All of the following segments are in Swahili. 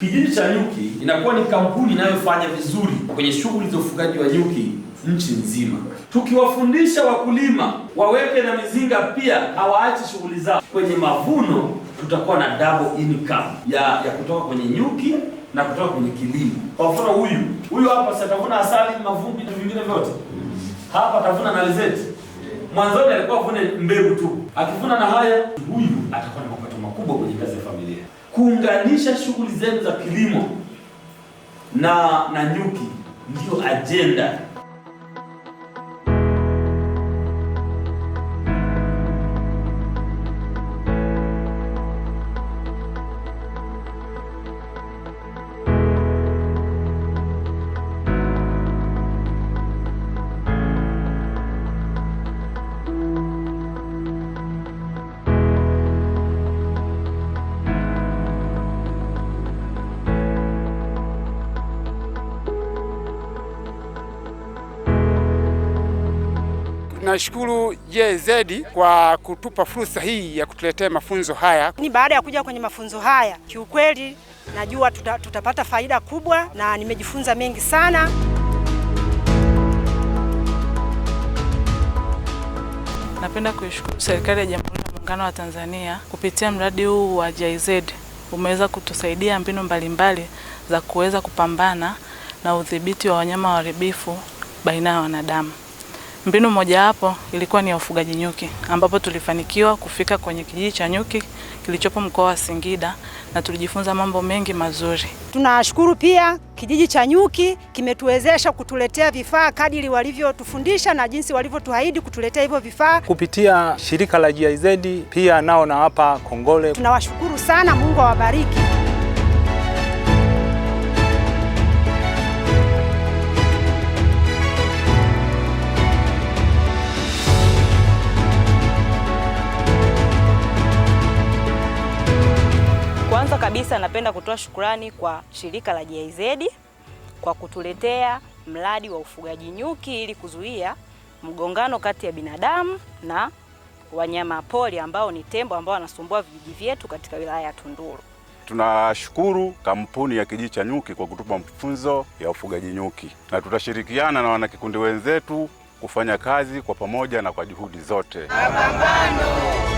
Kijiji cha nyuki inakuwa ni kampuni inayofanya vizuri kwenye shughuli za ufugaji wa nyuki nchi nzima. Tukiwafundisha wakulima waweke na mizinga pia hawaachi shughuli zao, kwenye mavuno tutakuwa na double income ya ya kutoka kwenye nyuki na kutoka kwenye kilimo. Kwa mfano huyu huyu hapa si atavuna asali, mavumbi na vingine vyote, hapa atavuna na alizeti. Mwanzoni alikuwa avune mbegu tu, akivuna na haya, huyu atakuwa na mapato makubwa kwenye kazi ya familia kuunganisha shughuli zenu za kilimo na na nyuki, ndiyo ajenda Tunashukuru JZ kwa kutupa fursa hii ya kutuletea mafunzo haya. Ni baada ya kuja kwenye mafunzo haya, kiukweli najua tuta, tutapata faida kubwa na nimejifunza mengi sana. Napenda kuishukuru serikali ya Jamhuri ya Muungano wa Tanzania kupitia mradi huu wa JZ umeweza kutusaidia mbinu mbalimbali za kuweza kupambana na udhibiti wa wanyama waharibifu baina ya wanadamu. Mbinu mojawapo ilikuwa ni ya ufugaji nyuki ambapo tulifanikiwa kufika kwenye kijiji cha nyuki kilichopo mkoa wa Singida na tulijifunza mambo mengi mazuri. Tunashukuru pia kijiji cha nyuki kimetuwezesha kutuletea vifaa kadiri walivyotufundisha na jinsi walivyotuahidi kutuletea hivyo vifaa kupitia shirika la GIZ. Pia nao nawapa kongole, tunawashukuru sana. Mungu awabariki. kabisa napenda kutoa shukurani kwa shirika la GIZ kwa kutuletea mradi wa ufugaji nyuki ili kuzuia mgongano kati ya binadamu na wanyama pori ambao ni tembo ambao wanasumbua vijiji vyetu katika wilaya ya Tunduru. Tunashukuru kampuni ya kijiji cha nyuki kwa kutupa mfunzo ya ufugaji nyuki, na tutashirikiana na wanakikundi wenzetu kufanya kazi kwa pamoja na kwa juhudi zote Mapambano.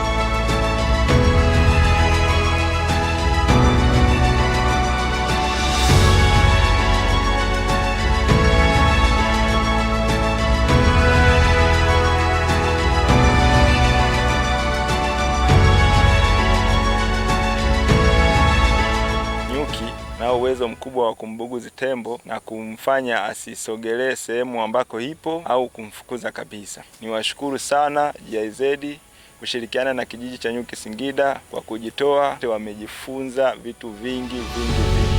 anao uwezo mkubwa wa kumbuguzi tembo na kumfanya asisogelee sehemu ambako ipo au kumfukuza kabisa. Niwashukuru sana GIZ kushirikiana na kijiji cha Nyuki Singida kwa kujitoa, wamejifunza vitu vingi vingi vingi.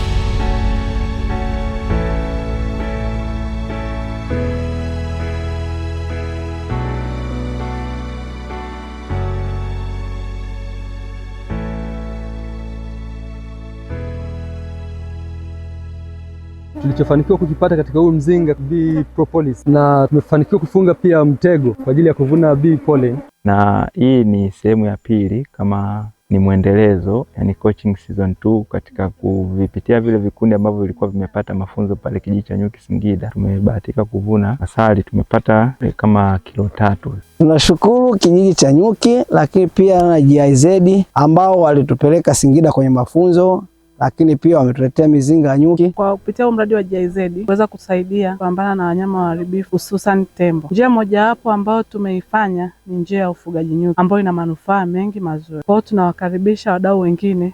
tulichofanikiwa kukipata katika huu mzinga bee propolis, na tumefanikiwa kufunga pia mtego kwa ajili ya kuvuna bee pollen. Na hii ni sehemu ya pili kama ni mwendelezo, yani coaching season 2 katika kuvipitia vile vikundi ambavyo vilikuwa vimepata mafunzo pale kijiji cha nyuki Singida. Tumebahatika kuvuna asali, tumepata eh, kama kilo tatu. Tunashukuru kijiji cha nyuki, lakini pia na GIZ ambao walitupeleka Singida kwenye mafunzo lakini pia wametuletea mizinga ya nyuki. Kwa kupitia mradi wa JZ kuweza kusaidia kupambana na wanyama waharibifu hususan tembo, njia mojawapo ambayo tumeifanya ni njia ya ufugaji nyuki ambayo ina manufaa mengi mazuri. kwao tunawakaribisha wadau wengine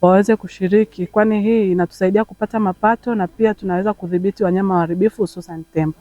waweze kushiriki, kwani hii inatusaidia kupata mapato na pia tunaweza kudhibiti wanyama waharibifu hususan tembo.